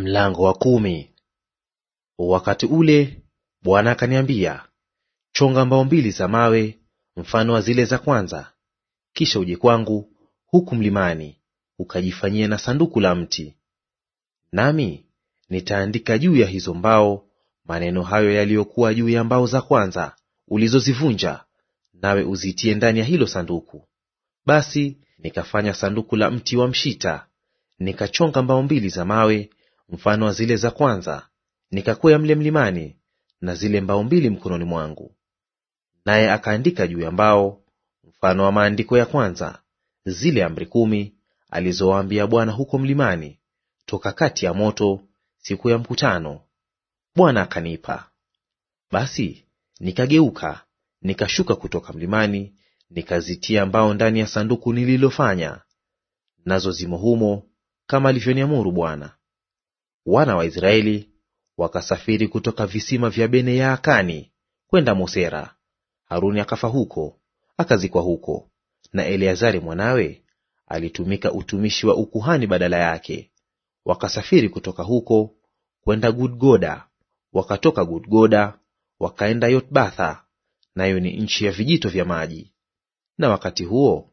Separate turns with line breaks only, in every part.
Mlango wa kumi. Wakati ule Bwana akaniambia, chonga mbao mbili za mawe mfano wa zile za kwanza, kisha uje kwangu huku mlimani, ukajifanyie na sanduku la mti. Nami nitaandika juu ya hizo mbao maneno hayo yaliyokuwa juu ya mbao za kwanza ulizozivunja, nawe uzitie ndani ya hilo sanduku. Basi nikafanya sanduku la mti wa mshita, nikachonga mbao mbili za mawe mfano wa zile za kwanza, nikakwea mle mlimani na zile mbao mbili mkononi mwangu. Naye akaandika juu ya mbao mfano wa maandiko ya kwanza, zile amri kumi alizowaambia Bwana huko mlimani toka kati ya moto siku ya mkutano. Bwana akanipa. Basi nikageuka nikashuka kutoka mlimani, nikazitia mbao ndani ya sanduku nililofanya, nazo zimo humo kama alivyoniamuru Bwana. Wana wa Israeli wakasafiri kutoka visima vya Bene Yaakani kwenda Mosera. Haruni akafa huko, akazikwa huko, na Eleazari mwanawe alitumika utumishi wa ukuhani badala yake. Wakasafiri kutoka huko kwenda Gudgoda, wakatoka Gudgoda wakaenda Yotbatha, nayo ni nchi ya vijito vya maji. Na wakati huo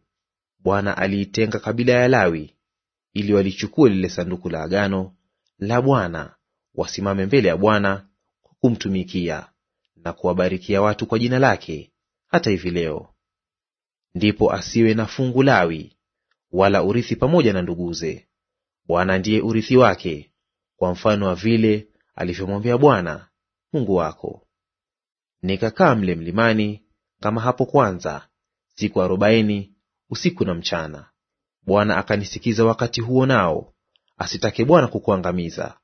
Bwana aliitenga kabila ya Lawi ili walichukue lile sanduku la agano la Bwana wasimame mbele ya Bwana kwa kumtumikia na kuwabarikia watu kwa jina lake hata hivi leo. Ndipo asiwe na fungu Lawi wala urithi pamoja na nduguze. Bwana ndiye urithi wake, kwa mfano wa vile alivyomwambia Bwana Mungu wako. Nikakaa mle mlimani kama hapo kwanza siku arobaini usiku na mchana. Bwana akanisikiza wakati huo nao asitake Bwana kukuangamiza.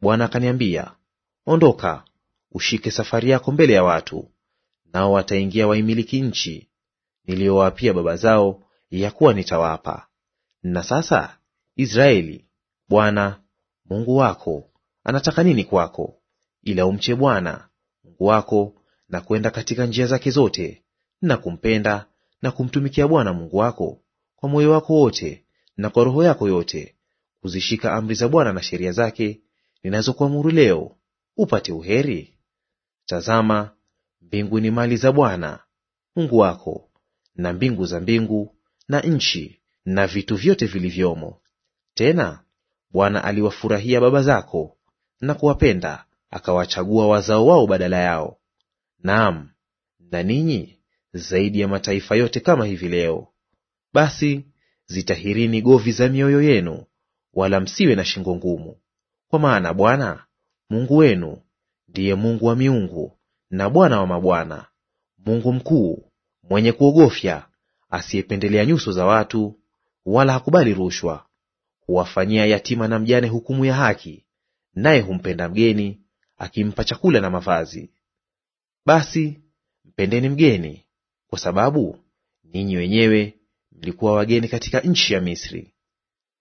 Bwana akaniambia, Ondoka, ushike safari yako mbele ya watu, nao wataingia waimiliki nchi niliyowapia baba zao ya kuwa nitawapa. Na sasa, Israeli, Bwana Mungu wako anataka nini kwako, ila umche Bwana Mungu wako na kwenda katika njia zake zote na kumpenda na kumtumikia Bwana Mungu wako kwa moyo wako wote na kwa roho yako yote kuzishika amri za Bwana na sheria zake ninazokuamuru leo upate uheri? Tazama, mbingu ni mali za Bwana Mungu wako, na mbingu za mbingu na nchi na vitu vyote vilivyomo. Tena Bwana aliwafurahia baba zako na kuwapenda, akawachagua wazao wao badala yao, naam, na ninyi zaidi ya mataifa yote kama hivi leo. Basi zitahirini govi za mioyo yenu wala msiwe na shingo ngumu, kwa maana Bwana Mungu wenu ndiye Mungu wa miungu na Bwana wa mabwana, Mungu mkuu, mwenye kuogofya, asiyependelea nyuso za watu, wala hakubali rushwa. Huwafanyia yatima na mjane hukumu ya haki, naye humpenda mgeni, akimpa chakula na mavazi. Basi mpendeni mgeni, kwa sababu ninyi wenyewe mlikuwa wageni katika nchi ya Misri.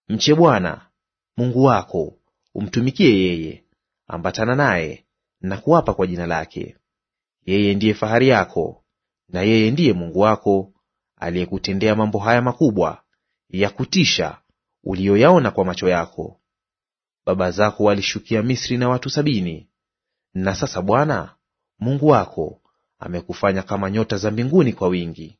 Mche Bwana Mungu wako, umtumikie yeye, ambatana naye na kuapa kwa jina lake. Yeye ndiye fahari yako, na yeye ndiye Mungu wako aliyekutendea mambo haya makubwa ya kutisha uliyoyaona kwa macho yako. Baba zako walishukia Misri na watu sabini, na sasa Bwana Mungu wako amekufanya kama nyota za mbinguni kwa wingi.